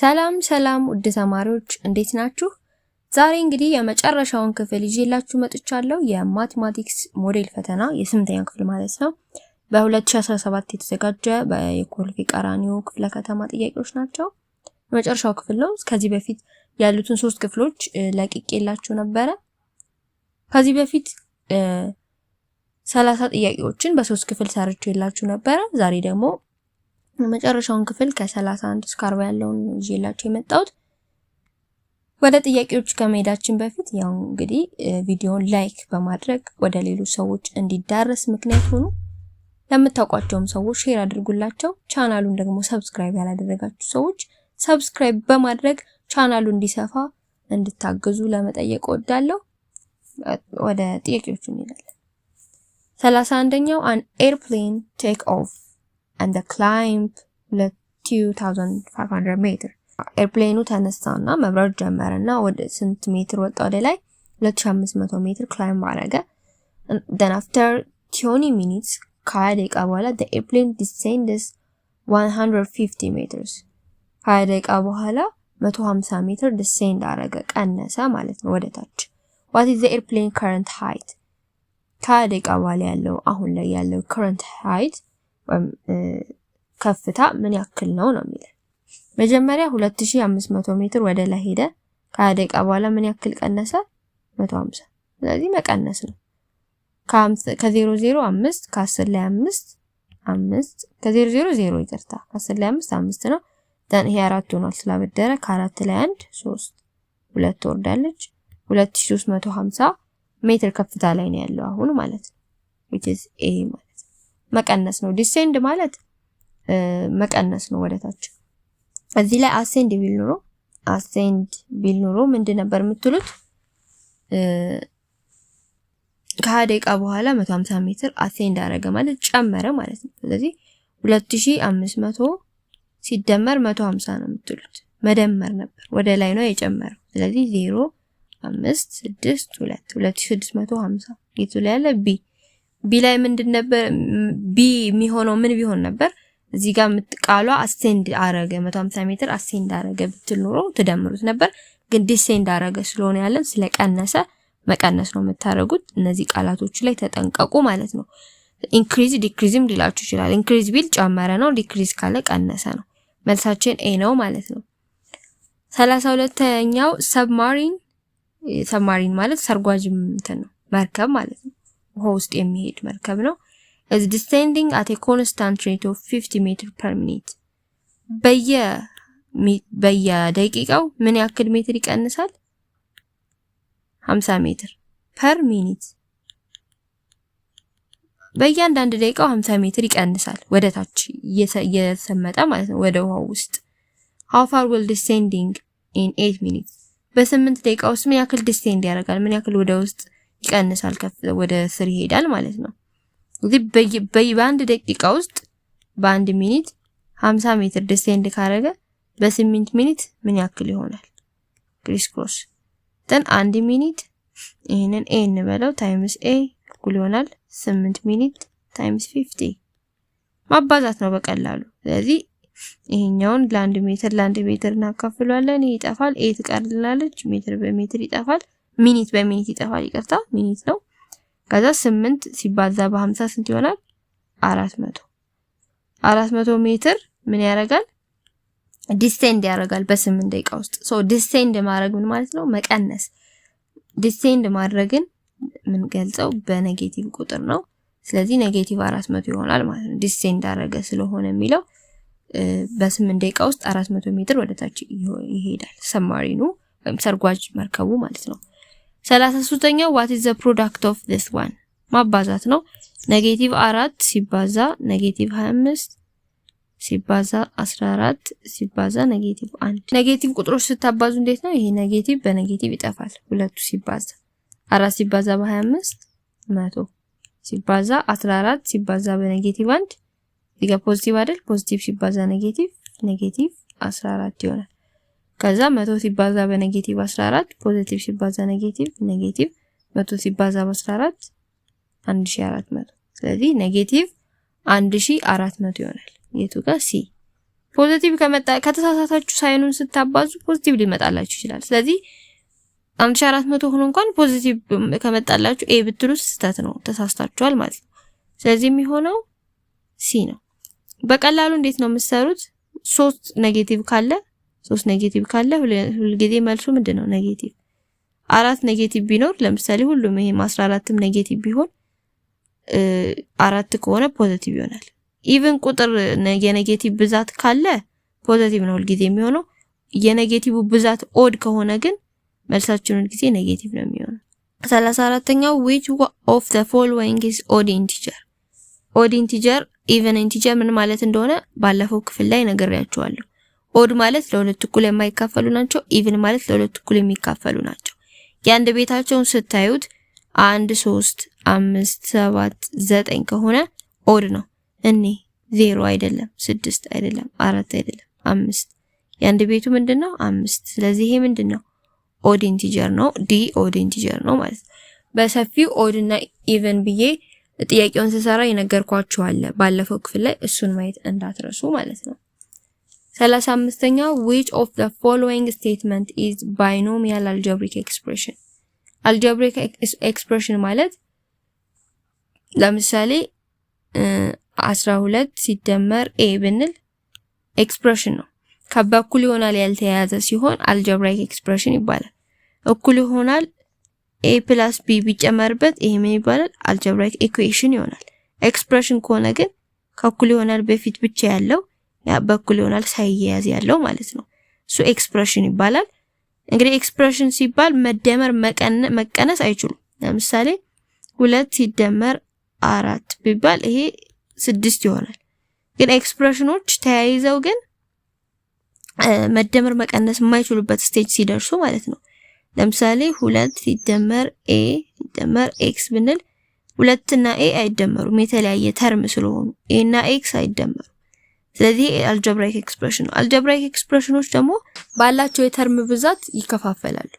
ሰላም ሰላም ውድ ተማሪዎች እንዴት ናችሁ? ዛሬ እንግዲህ የመጨረሻውን ክፍል ይዤላችሁ መጥቻለሁ። የማቴማቲክስ ሞዴል ፈተና የስምንተኛ ክፍል ማለት ነው። በ2017 የተዘጋጀ የኮልፌ ቀራኒዮ ክፍለ ከተማ ጥያቄዎች ናቸው። የመጨረሻው ክፍል ነው። ከዚህ በፊት ያሉትን ሶስት ክፍሎች ለቅቄላችሁ ነበረ። ከዚህ በፊት ሰላሳ ጥያቄዎችን በሶስት ክፍል ሰርቼላችሁ ነበረ። ዛሬ ደግሞ የመጨረሻውን ክፍል ከ31 እስከ 40 ያለውን ይዤላችሁ የመጣሁት። ወደ ጥያቄዎች ከመሄዳችን በፊት ያው እንግዲህ ቪዲዮውን ላይክ በማድረግ ወደ ሌሎች ሰዎች እንዲዳረስ ምክንያት ሆኑ። ለምታውቋቸውም ሰዎች ሼር አድርጉላቸው። ቻናሉን ደግሞ ሰብስክራይብ ያላደረጋችሁ ሰዎች ሰብስክራይብ በማድረግ ቻናሉ እንዲሰፋ እንድታገዙ ለመጠየቅ እወዳለሁ። ወደ ጥያቄዎቹ እንሄዳለን። ሰላሳ አንደኛው አን ኤርፕሌን ቴክ ኦፍ and the climb ለ2500 ሜትር ኤርፕሌኑ ተነሳና መብረር ጀመረና ወደ ስንት ሜትር ወጣ? ወደ ላይ 2500 ሜትር ክላይም አረገ። ደን አፍተር 20 ሚኒትስ ከሀያ ደቂቃ በኋላ the airplane descends 150 ሜትርስ ከሀያ ደቂቃ በኋላ 150 ሜትር ዲሴንድ አረገ ቀነሰ ማለት ነው ወደታች ታች። what is the airplane current ከሀያ ደቂቃ በኋላ ያለው አሁን ላይ ያለው ከረንት height ከፍታ ምን ያክል ነው ነው የሚለው መጀመሪያ 2500 ሜትር ወደ ላይ ሄደ። ከሀያ በኋላ ምን ያክል ቀነሰ? 150። ስለዚህ መቀነስ ነው። ከዜሮ ዜሮ ከ10 ላይ 5 አምስት ከዜሮ ዜሮ ዜሮ ከ10 ላይ 5 5 ነው። ደን ይሄ አራት ሆኗል ስላበደረ ከአራት ላይ 1 3 ሁለት ወርዳለች 2350 ሜትር ከፍታ ላይ ነው ያለው አሁን ማለት ነው። which is a መቀነስ ነው። ዲሴንድ ማለት መቀነስ ነው ወደታች። እዚህ ላይ አሴንድ ቢል ኑሮ አሴንድ ቢል ኑሮ ምንድን ነበር የምትሉት? ከሀያ ደቂቃ በኋላ 150 ሜትር አሴንድ አደረገ ማለት ጨመረ ማለት ነው። ስለዚህ 2500 ሲደመር 150 ነው የምትሉት። መደመር ነበር ወደ ላይ ነው የጨመረው። ስለዚህ 0 5 6 2 2650 የቱ ላይ ያለ ቢ ቢ ላይ ምንድን ነበር? ቢ የሚሆነው ምን ቢሆን ነበር? እዚህ ጋር የምትቃሏ አስቴንድ አረገ 150 ሜትር አስቴንድ አረገ ብትል ኖሮ ትደምሩት ነበር። ግን ዲሴንድ አረገ ስለሆነ ያለን ስለቀነሰ መቀነስ ነው የምታደረጉት እነዚህ ቃላቶች ላይ ተጠንቀቁ ማለት ነው። ኢንክሪዝ ዲክሪዝም ሊላችሁ ይችላል። ኢንክሪዝ ቢል ጨመረ ነው። ዲክሪዝ ካለ ቀነሰ ነው። መልሳችን ኤ ነው ማለት ነው። ሰላሳ ሁለተኛው ሰብማሪን ሰብማሪን ማለት ሰርጓጅ እንትን ነው መርከብ ማለት ነው። ውሃ ውስጥ የሚሄድ መርከብ ነው። is descending at a constant rate of 50 meters per minute በየ በየደቂቃው ምን ያክል ሜትር ይቀንሳል? 50 ሜትር ፐር ሚኒት በእያንዳንድ ደቂቃው 50 ሜትር ይቀንሳል ወደ ታች እየሰመጠ ማለት ነው ወደ ውሃው ውስጥ። how far will descending in 8 minutes በስምንት ደቂቃ ውስጥ ምን ያክል ዲስቴንድ ያደርጋል? ምን ያክል ወደ ውስጥ ይቀንሳል፣ ከፍ ወደ ስር ይሄዳል ማለት ነው። እዚህ በይ በአንድ ደቂቃ ውስጥ በአንድ ሚኒት 50 ሜትር ዲስቴንድ ካረገ በ8 ሚኒት ምን ያክል ይሆናል? ክሪስ ክሮስ ደን አንድ ሚኒት ይሄንን ኤ እንበለው ታይምስ ኤ እኩል ይሆናል 8 ሚኒት ታይምስ 50 ማባዛት ነው በቀላሉ። ስለዚህ ይሄኛውን ለአንድ ሜትር ለአንድ ሜትር እናካፍለዋለን። ይጠፋል ኤ ትቀርልናለች። ሜትር በሜትር ይጠፋል። ሚኒት በሚኒት ይጠፋል። ይቅርታ ሚኒት ነው። ከዛ ስምንት ሲባዛ በሀምሳ ስንት ይሆናል? አራት መቶ አራት መቶ ሜትር ምን ያደርጋል? ዲስቴንድ ያደርጋል በስምንት ደቂቃ ውስጥ። ሶ ዲስቴንድ ማድረግ ምን ማለት ነው? መቀነስ። ዲስቴንድ ማድረግን የምንገልጸው በኔጌቲቭ ቁጥር ነው። ስለዚህ ኔጌቲቭ አራት መቶ ይሆናል ማለት ነው። ዲስቴንድ አደረገ ስለሆነ የሚለው በስምንት ደቂቃ ውስጥ አራት መቶ ሜትር ወደታች ይሄዳል ሰማሪኑ ወይም ሰርጓጅ መርከቡ ማለት ነው። ሰላሳ ሶስተኛው what is the product of this one ማባዛት ነው። ኔጌቲቭ አራት ሲባዛ ኔጌቲቭ 25 ሲባዛ 14 ሲባዛ ኔጌቲቭ 1 ኔጌቲቭ ቁጥሮች ስታባዙ እንዴት ነው? ይሄ ኔጌቲቭ በኔጌቲቭ ይጠፋል። ሁለቱ ሲባዛ አራት ሲባዛ በ25 መቶ ሲባዛ 14 ሲባዛ በኔጌቲቭ 1 ይገ ፖዚቲቭ አይደል? ፖዚቲቭ ሲባዛ ኔጌቲቭ ኔጌቲቭ 14 ይሆናል። ከዛ መቶ ሲባዛ በኔጌቲቭ 14 ፖዚቲቭ ሲባዛ ኔጌቲቭ ኔጌቲቭ መቶ ሲባዛ በ14 1400 ስለዚህ ኔጌቲቭ 1400 ይሆናል። የቱ ጋር ሲ ፖዚቲቭ ከመጣ ከተሳሳታችሁ ሳይኑን ስታባዙ ፖዚቲቭ ሊመጣላችሁ ይችላል። ስለዚህ 1400 ሆኖ እንኳን ፖዚቲቭ ከመጣላችሁ ኤ ብትሉ ስህተት ነው፣ ተሳስታችኋል ማለት ነው። ስለዚህ የሚሆነው ሲ ነው። በቀላሉ እንዴት ነው የምትሰሩት? ሶስት ኔጌቲቭ ካለ ሶስት ኔጌቲቭ ካለ ሁልጊዜ መልሱ ምንድን ነው? ኔጌቲቭ። አራት ኔጌቲቭ ቢኖር ለምሳሌ ሁሉም ይሄም አስራ አራትም ኔጌቲቭ ቢሆን አራት ከሆነ ፖዘቲቭ ይሆናል። ኢቭን ቁጥር የኔጌቲቭ ብዛት ካለ ፖዘቲቭ ነው ሁልጊዜ የሚሆነው። የኔጌቲቭ ብዛት ኦድ ከሆነ ግን መልሳችን ሁልጊዜ ኔጌቲቭ ነው የሚሆነው። ሰላሳ አራተኛው which of the following is odd integer odd integer ኢቨን ኢንቲጀር ምን ማለት እንደሆነ ባለፈው ክፍል ላይ ነግሬያችኋለሁ። ኦድ ማለት ለሁለት እኩል የማይካፈሉ ናቸው። ኢቭን ማለት ለሁለት እኩል የሚካፈሉ ናቸው። የአንድ ቤታቸውን ስታዩት አንድ ሶስት አምስት ሰባት ዘጠኝ ከሆነ ኦድ ነው። እኔ ዜሮ አይደለም፣ ስድስት አይደለም፣ አራት አይደለም፣ አምስት የአንድ ቤቱ ምንድነው? አምስት ስለዚህ ይሄ ምንድነው? ኦድ ኢንቲጀር ነው። ዲ ኦድ ኢንቲጀር ነው ማለት ነው። በሰፊው ኦድ እና ኢቨን ብዬ ጥያቄውን ስሰራ የነገርኳችኋለሁ ባለፈው ክፍል ላይ እሱን ማየት እንዳትረሱ ማለት ነው። ሰላሳ አምስተኛው which of the following statement is binomial algebraic expression algebraic expression ማለት ለምሳሌ 12 ሲደመር a ብንል ኤክስፕሬሽን ነው። ከበኩል ይሆናል ያልተያያዘ ሲሆን አልጀብራይክ ኤክስፕሬሽን ይባላል። እኩል ይሆናል ኤ ፕላስ ቢ ቢጨመርበት ይሄ ምን ይባላል? አልጀብራይክ ኢኩዌሽን ይሆናል። ኤክስፕሬሽን ከሆነ ግን ከእኩል ይሆናል በፊት ብቻ ያለው በኩል ይሆናል ሳይያያዝ ያለው ማለት ነው። እሱ ኤክስፕሬሽን ይባላል። እንግዲህ ኤክስፕሬሽን ሲባል መደመር መቀነስ አይችሉም። ለምሳሌ ሁለት ሲደመር አራት ቢባል ይሄ ስድስት ይሆናል። ግን ኤክስፕሬሽኖች ተያይዘው ግን መደመር መቀነስ የማይችሉበት ስቴጅ ሲደርሱ ማለት ነው። ለምሳሌ ሁለት ሲደመር ኤ ሲደመር ኤክስ ብንል ሁለትና ኤ አይደመሩም የተለያየ ተርም ስለሆኑ ኤ እና ኤክስ አይደመሩ ስለዚህ አልጀብራይክ ኤክስፕሬሽን ነው። አልጀብራይክ ኤክስፕሬሽኖች ደግሞ ባላቸው የተርም ብዛት ይከፋፈላሉ።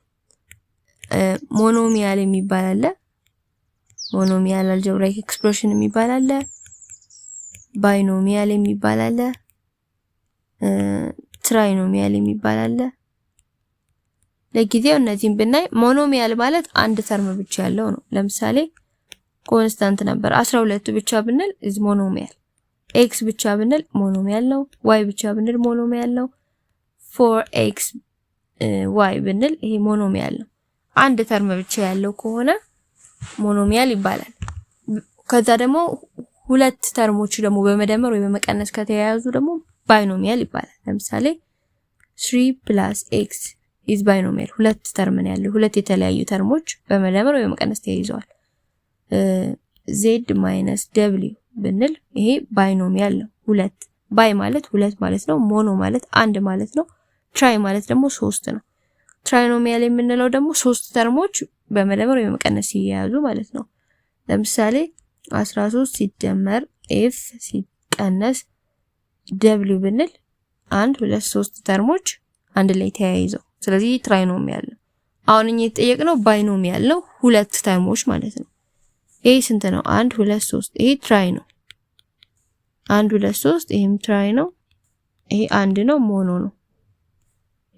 ሞኖሚያል የሚባል አለ። ሞኖሚያል አልጀብራይክ ኤክስፕሬሽን የሚባል አለ። ባይኖሚያል የሚባል አለ። ትራይኖሚያል የሚባል አለ። ለጊዜው እነዚህም ብናይ ሞኖሚያል ማለት አንድ ተርም ብቻ ያለው ነው። ለምሳሌ ኮንስታንት ነበር አስራ ሁለቱ ብቻ ብንል ሞኖሚያል ኤክስ ብቻ ብንል ሞኖሚያል ነው። ዋይ ብቻ ብንል ሞኖሚያል ነው። ፎር ኤክስ ዋይ ብንል ይሄ ሞኖሚያል ነው። አንድ ተርም ብቻ ያለው ከሆነ ሞኖሚያል ይባላል። ከዛ ደግሞ ሁለት ተርሞች ደግሞ በመደመር ወይ በመቀነስ ከተያያዙ ደግሞ ባይኖሚያል ይባላል። ለምሳሌ 3 ፕላስ ኤክስ ኢዝ ባይኖሚያል ሁለት ተርም ነው ያለው። ሁለት የተለያዩ ተርሞች በመደመር ወይ በመቀነስ ተያይዘዋል። ዜድ ማይነስ ደብሊው ብንል ይሄ ባይኖሚያል ነው። ሁለት ባይ ማለት ሁለት ማለት ነው። ሞኖ ማለት አንድ ማለት ነው። ትራይ ማለት ደግሞ ሶስት ነው። ትራይኖሚያል የምንለው ደግሞ ሶስት ተርሞች በመደመር ወይም መቀነስ ሲያያዙ ማለት ነው። ለምሳሌ 13 ሲደመር ኤፍ ሲቀነስ ደብሊው ብንል አንድ ሁለት ሶስት ተርሞች አንድ ላይ ተያይዘው፣ ስለዚህ ትራይኖሚያል ነው። አሁን እኛ የተጠየቅነው ባይኖሚያል ነው፣ ሁለት ተርሞች ማለት ነው። ይሄ ስንት ነው? አንድ ሁለት ሶስት። ይሄ ትራይ ነው። አንድ ሁለት ሶስት። ይሄም ትራይ ነው። ይሄ አንድ ነው፣ ሞኖ ነው።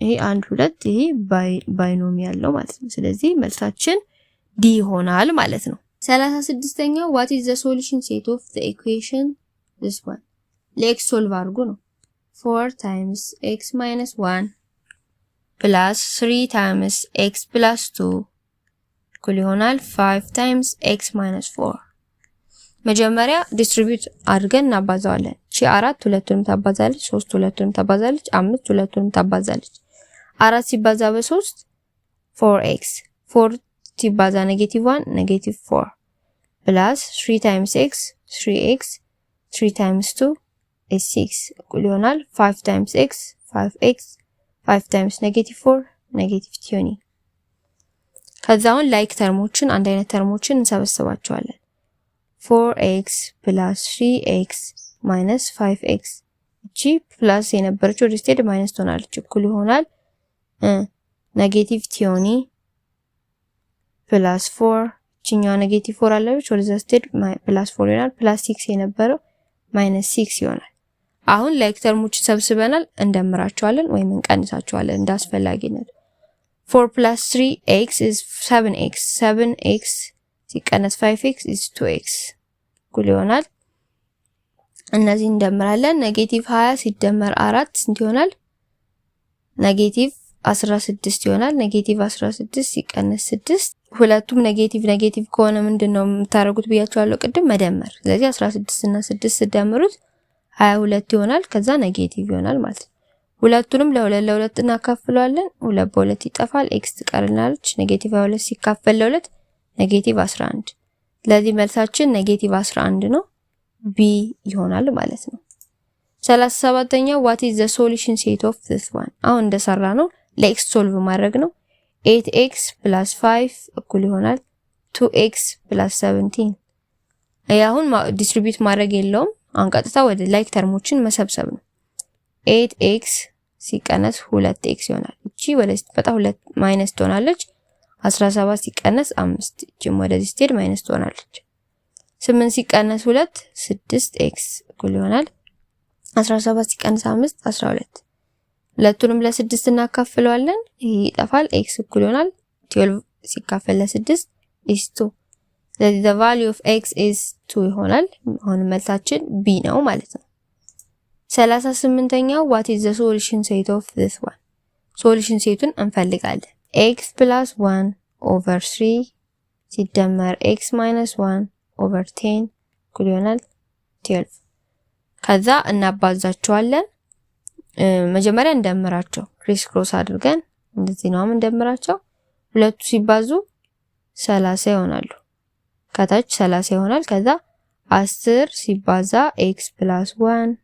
ይሄ አንድ ሁለት። ይሄ ባይኖሚ ያለው ማለት ነው። ስለዚህ መልሳችን ዲ ይሆናል ማለት ነው። 36ኛው what is the solution set of the equation this one ለኤክስ ሶልቭ አድርጉ ነው። ፎር times ኤክስ ማይነስ ዋን plus 3 ታይምስ ኤክስ plus 2 እኩል ይሆናል 5 ታይምስ x ማይነስ 4። መጀመሪያ ዲስትሪቢዩት አድርገን እናባዛዋለን። ቺ አራት ሁለቱንም ታባዛለች፣ ሶስት ሁለቱንም ታባዛለች፣ አምስት ሁለቱንም ታባዛለች። አራት ሲባዛ በ3 4x፣ 4 ሲባዛ ኔጌቲቭ 1 ኔጌቲቭ 4 ፕላስ 3 ታይምስ x 3x፣ 3 ታይምስ 2 is 6 እኩል ይሆናል 5 ታይምስ x 5x፣ 5 ታይምስ ኔጌቲቭ 4 ኔጌቲቭ 20 ከዛውን ላይክ ተርሞችን አንድ አይነት ተርሞችን እንሰበስባቸዋለን። 4x ፕላስ 3x ማይነስ 5x እቺ ፕላስ የነበረችው ሪስቴድ ማይነስ ትሆናለች፣ እኩል ይሆናል ነጌቲቭ ቲዮኒ ፕላስ 4 እቺኛው ነጌቲቭ 4 አለች፣ ወደዛ ስትሄድ ፕላስ 4 ይሆናል። ፕላስ 6 የነበረው ማይነስ 6 ይሆናል። አሁን ላይክ ተርሞችን ሰብስበናል፣ እንደምራቸዋለን ወይም እንቀንሳቸዋለን እንዳስፈላጊነት 4 plus 3x is 7x 7x ሲቀነስ 5x is 2x እኩል ይሆናል። እነዚህ እንደምራለን። ኔጌቲቭ 20 ሲደመር 4 ስንት ይሆናል? ኔጌቲቭ 16 ይሆናል። ኔጌቲቭ 16 ሲቀነስ 6 ሁለቱም ኔጌቲቭ ኔጌቲቭ ከሆነ ምንድነው የምታደርጉት ብያቸዋለሁ ቅድም መደመር። ስለዚህ 16 እና 6 ስደምሩት 22 ይሆናል። ከዛ ኔጌቲቭ ይሆናል ማለት ነው። ሁለቱንም ለሁለት ለሁለት እናካፍለዋለን። ሁለት በሁለት ይጠፋል፣ ኤክስ ትቀርናለች። ኔጌቲቭ 22 ሲካፈል ለሁለት ኔጌቲቭ 11። ስለዚህ መልሳችን ኔጌቲቭ 11 ነው፣ ቢ ይሆናል ማለት ነው። 37ኛው what is the solution set of this one? አሁን እንደሰራ ነው ለx ሶልቭ ማድረግ ነው። 8x ፕላስ 5 እኩል ይሆናል 2x ፕላስ 17 አሁን ዲስትሪቢዩት ማድረግ የለውም። አንቀጥታ ወደ ላይክ ተርሞችን መሰብሰብ ነው። 8x ሲቀነስ ሁለት ኤክስ ይሆናል። እቺ ወደዚህ ስትመጣ ሁለት ማይነስ ትሆናለች። 17 ሲቀነስ አምስት እቺም ወደዚህ ስትሄድ ማይነስ ትሆናለች። 8 ሲቀነስ ሁለት 6 ኤክስ እኩል ይሆናል 17 ሲቀነስ 5 12። ሁለቱንም ለስድስት እናካፍለዋለን። ይሄ ይጠፋል። ኤክስ እኩል ይሆናል 12 ሲካፈል ለስድስት ኢስ 2 ስለዚህ the value of x is 2 ይሆናል። አሁን መልሳችን ቢ ነው ማለት ነው። ሰላሳ ስምንተኛው ዋት ኢዝ ዘ ሶሉሽን ሴት ኦፍ ዚስ ዋን ሶሉሽን ሴቱን እንፈልጋለን። ኤክስ plus ዋን ኦቨር 3 ሲደመር ኤክስ ማይነስ ዋን ኦቨር 10 እኩል ይሆናል ትዌልቭ። ከዛ እናባዛቸዋለን። መጀመሪያ እንደምራቸው ክሪስ ክሮስ አድርገን እንደዚህ ነው እንደምራቸው። ሁለቱ ሲባዙ 30 ይሆናሉ። ከታች ሰላሳ ይሆናል። ከዛ አስር ሲባዛ ኤክስ plus 1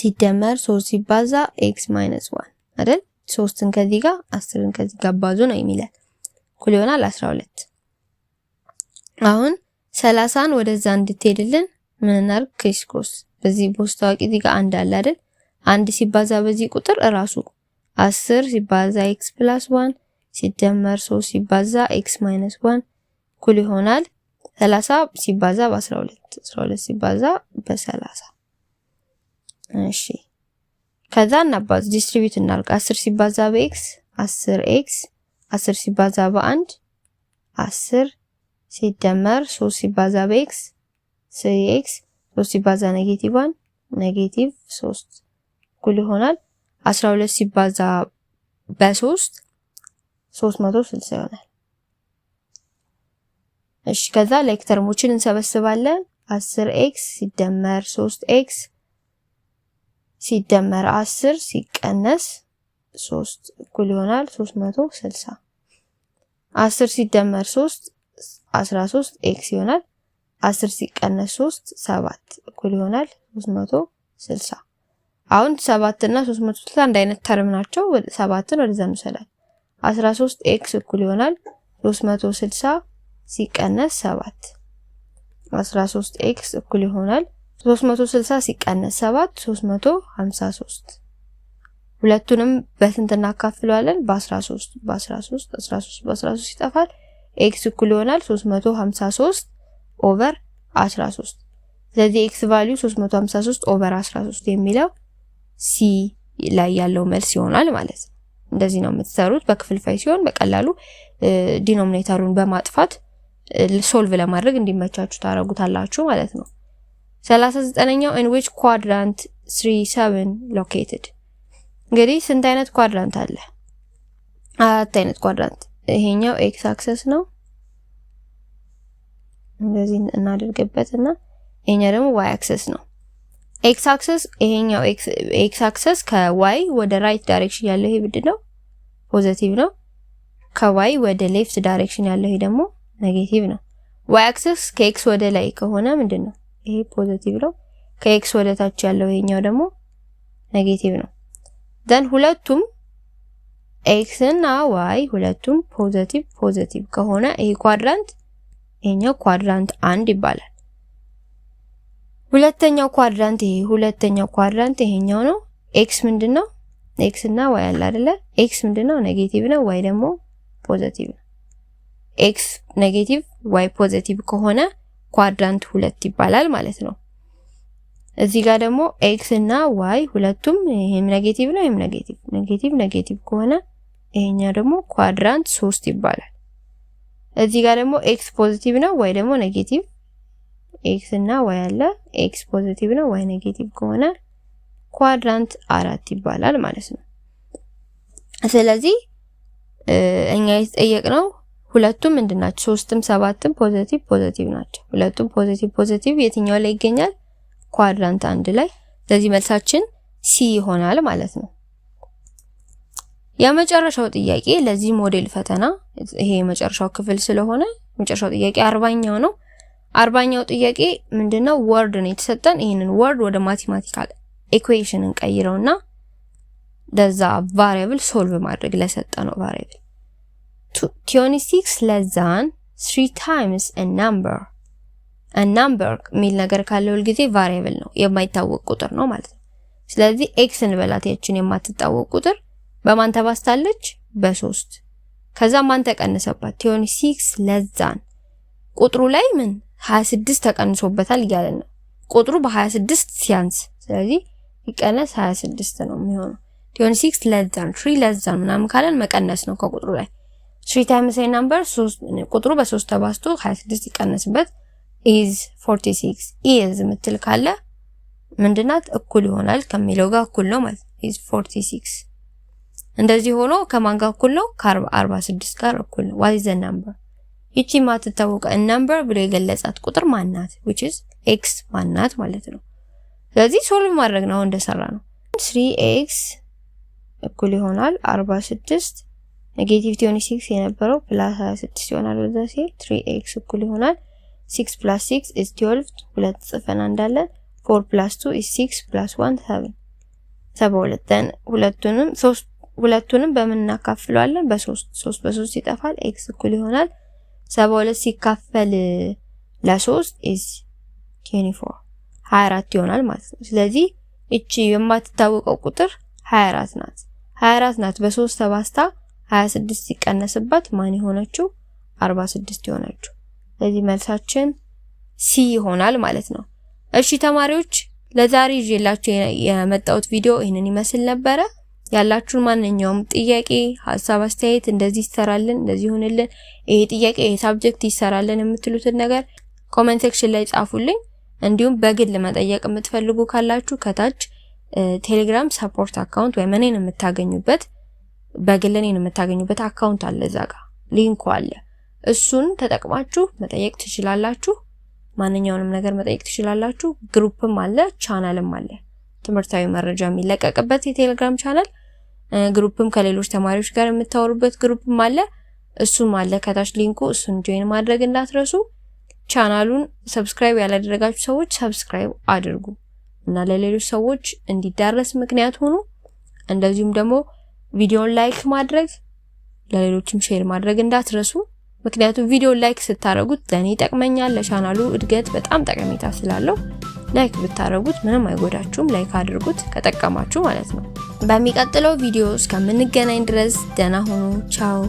ሲደመር ሶስት ሲባዛ ኤክስ ማይነስ ዋን አይደል? ሶስትን ከዚህ ጋር አስርን ከዚህ ጋር ባዙ ነው የሚለን እኩል ይሆናል 12። አሁን ሰላሳን ወደዛ እንድትሄድልን ምን እናድርግ? ክሪስክሮስ በዚህ ቦስ ታዋቂ እዚህ ጋር አንድ አለ አይደል? አንድ ሲባዛ በዚህ ቁጥር እራሱ አስር ሲባዛ ኤክስ ፕላስ ዋን ሲደመር ሶስት ሲባዛ ኤክስ ማይነስ ዋን እኩል ይሆናል 30 ሲባዛ በ12 12 ሲባዛ በ30 እሺ ከዛ እናባዝ ዲስትሪቢዩት እናልቅ። 10 ሲባዛ በኤክስ 10 ኤክስ 10 ሲባዛ በአንድ 10 ሲደመር 3 ሲባዛ በኤክስ 3 ኤክስ 3 ሲባዛ ኔጌቲቭ 1 ኔጌቲቭ 3 እኩል ይሆናል 12 ሲባዛ በ3 360 ይሆናል። እሺ ከዛ ላይክ ተርሞችን እንሰበስባለን 10 ኤክስ ሲደመር 3 ኤክስ ሲደመር አስር ሲቀነስ ሶስት እኩል ይሆናል ሶስት መቶ ስልሳ አስር ሲደመር ሶስት አስራ ሶስት ኤክስ ይሆናል። አስር ሲቀነስ ሶስት ሰባት እኩል ይሆናል ሶስት መቶ ስልሳ አሁን ሰባት እና ሶስት መቶ ስልሳ አንድ አይነት ተርም ናቸው። ሰባትን ወደዛ እንውሰዳለን። አስራ ሶስት ኤክስ እኩል ይሆናል ሶስት መቶ ስልሳ ሲቀነስ ሰባት አስራ ሶስት ኤክስ እኩል ይሆናል 360 ሲቀነስ 7 353 ሁለቱንም በስንት እናካፍለዋለን? በ13 በ13 13 በ13 ይጠፋል። x እኩል ይሆናል 353 ኦቨር 13። ስለዚህ x ቫልዩ 353 ኦቨር 13 የሚለው ሲ ላይ ያለው መልስ ይሆናል ማለት ነው። እንደዚህ ነው የምትሰሩት። በክፍልፋይ ሲሆን በቀላሉ ዲኖሚኔተሩን በማጥፋት ሶልቭ ለማድረግ እንዲመቻችሁ ታረጉታላችሁ ማለት ነው። 39ኛው in which quadrant 37 ሎኬትድ እንግዲህ ስንት አይነት ኳድራንት አለ? አራት አይነት ኳድራንት። ይሄኛው ኤክስ አክሰስ ነው። እንደዚህ እናደርግበትና ይሄኛው ደግሞ ዋይ አክሰስ ነው። ኤክስ አክሰስ ይሄኛው ኤክስ አክሰስ ከዋይ ወደ ራይት ዳይሬክሽን ያለው ይሄ ምንድን ነው? ፖዘቲቭ ነው። ከዋይ ወደ ሌፍት ዳይሬክሽን ያለው ይሄ ደግሞ ኔጌቲቭ ነው። ዋይ አክሰስ ከኤክስ ወደ ላይ ከሆነ ምንድን ነው? ይሄ ፖዘቲቭ ነው። ከኤክስ ወደ ታች ያለው ይሄኛው ደግሞ ኔጌቲቭ ነው። ዘን ሁለቱም ኤክስ እና ዋይ ሁለቱም ፖዘቲቭ ፖዘቲቭ ከሆነ ይሄ ኳድራንት ይሄኛው ኳድራንት አንድ ይባላል። ሁለተኛው ኳድራንት ይሄ ሁለተኛው ኳድራንት ይሄኛው ነው። ኤክስ ምንድነው? ኤክስ እና ዋይ አለ አይደለ? ኤክስ ምንድነው? ኔጌቲቭ ነው። ዋይ ደግሞ ፖዘቲቭ ነው። ኤክስ ኔጌቲቭ ዋይ ፖዘቲቭ ከሆነ ኳድራንት ሁለት ይባላል ማለት ነው። እዚህ ጋር ደግሞ ኤክስ እና ዋይ ሁለቱም ይሄም ኔጌቲቭ ነው፣ ይሄም ኔጌቲቭ ኔጌቲቭ ኔጌቲቭ ከሆነ ይሄኛው ደግሞ ኳድራንት ሶስት ይባላል። እዚህ ጋር ደግሞ ኤክስ ፖዚቲቭ ነው፣ ዋይ ደግሞ ኔጌቲቭ ኤክስ እና ዋይ አለ። ኤክስ ፖዚቲቭ ነው፣ ዋይ ኔጌቲቭ ከሆነ ኳድራንት አራት ይባላል ማለት ነው። ስለዚህ እኛ የተጠየቅነው ሁለቱም ምንድን ናቸው? ሶስትም ሰባትም ፖዘቲቭ ፖዘቲቭ ናቸው። ሁለቱም ፖዘቲቭ ፖዘቲቭ የትኛው ላይ ይገኛል? ኳድራንት አንድ ላይ። ስለዚህ መልሳችን ሲ ይሆናል ማለት ነው። የመጨረሻው ጥያቄ ለዚህ ሞዴል ፈተና ይሄ የመጨረሻው ክፍል ስለሆነ የመጨረሻው ጥያቄ አርባኛው ነው። አርባኛው ጥያቄ ምንድነው? ወርድ ነው የተሰጠን። ይህንን ወርድ ወደ ማቴማቲካል ኢኩዌሽን እንቀይረውና ለዛ ቫሪያብል ሶልቭ ማድረግ ለሰጠነው ቫሪያብል 26 less than 3 times a number a number የሚል ነገር ካለው ጊዜ ቫሪያብል ነው፣ የማይታወቅ ቁጥር ነው ማለት ነው። ስለዚህ ኤክስ እንበላት ያችን የማትታወቅ ቁጥር በማን ተባስታለች? በሶስት ከዛ ማን ተቀንሰባት? 26 less than ቁጥሩ ላይ ምን 26 ተቀንሶበታል እያለን ነው። ቁጥሩ በ26 ሲያንስ፣ ስለዚህ ይቀነስ 26 ነው የሚሆነው። 26 less than 3 ለዛን ምናምን ካለን መቀነስ ነው ከቁጥሩ ላይ 3 ታይምስ ኤ ቁጥሩ በሶስት 3 ተባዝቶ 26 ይቀነስበት ኢዝ 46 ኢዝ የምትል ካለ ምንድናት እኩል ይሆናል ከሚለው ጋር እኩል ነው ማለት ኢዝ 46። እንደዚህ ሆኖ ከማን ጋር እኩል ነው? ከ46 ጋር እኩል ነው። ዋት ኢዝ ዘ ይቺ ማትታወቀ ናምበር ብሎ የገለጻት ቁጥር ማናት? which is x ማናት ማለት ነው። ስለዚህ ሶልቭ ማድረግ ነው እንደሰራ ነው 3x እኩል ይሆናል 46 ኔጌቲቭ ቲዮኒ ሲክስ የነበረው ፕላስ 26 ይሆናል። ወዛ ሲል 3x እኩል ይሆናል 6 ፕላስ 6 ኢዝ 12 ሁለት ጽፈና እንዳለን 4 ፕላስ 2 ኢዝ 6 ፕላስ 1 7 72 ሁለቱንም 3 ሁለቱንም በምን እናካፍለዋለን? በ3 3 በ3 ይጠፋል። x እኩል ይሆናል 72 ሲካፈል ለ3 ኢዝ 24 24 ይሆናል ማለት ነው። ስለዚህ እቺ የማትታወቀው ቁጥር 24 ናት። 24 ናት በ3 ተባስታ 26 ሲቀነስባት ማን የሆነችው 46 የሆነችው። ስለዚህ መልሳችን ሲ ይሆናል ማለት ነው። እሺ ተማሪዎች ለዛሬ ይዤላችሁ የመጣሁት ቪዲዮ ይህንን ይመስል ነበረ። ያላችሁን ማንኛውም ጥያቄ፣ ሀሳብ፣ አስተያየት እንደዚህ ይሰራልን፣ እንደዚህ ይሆንልን፣ ይሄ ጥያቄ ይሄ ሳብጀክት ይሰራልን የምትሉትን ነገር ኮመንት ሴክሽን ላይ ጻፉልኝ። እንዲሁም በግል መጠየቅ የምትፈልጉ ካላችሁ ከታች ቴሌግራም ሰፖርት አካውንት ወይም እኔን የምታገኙበት በግል እኔን የምታገኙበት አካውንት አለ እዛ ጋር ሊንኩ አለ። እሱን ተጠቅማችሁ መጠየቅ ትችላላችሁ። ማንኛውንም ነገር መጠየቅ ትችላላችሁ። ግሩፕም አለ፣ ቻናልም አለ። ትምህርታዊ መረጃ የሚለቀቅበት የቴሌግራም ቻናል ግሩፕም ከሌሎች ተማሪዎች ጋር የምታወሩበት ግሩፕም አለ። እሱም አለ ከታች ሊንኩ። እሱን ጆይን ማድረግ እንዳትረሱ። ቻናሉን ሰብስክራይብ ያላደረጋችሁ ሰዎች ሰብስክራይብ አድርጉ እና ለሌሎች ሰዎች እንዲዳረስ ምክንያት ሆኑ። እንደዚሁም ደግሞ ቪዲዮን ላይክ ማድረግ ለሌሎችም ሼር ማድረግ እንዳትረሱ። ምክንያቱም ቪዲዮ ላይክ ስታደርጉት ለእኔ ይጠቅመኛል፣ ለቻናሉ እድገት በጣም ጠቀሜታ ስላለው ላይክ ብታደርጉት ምንም አይጎዳችሁም። ላይክ አድርጉት ከጠቀማችሁ ማለት ነው። በሚቀጥለው ቪዲዮ እስከምንገናኝ ድረስ ደህና ሁኑ። ቻው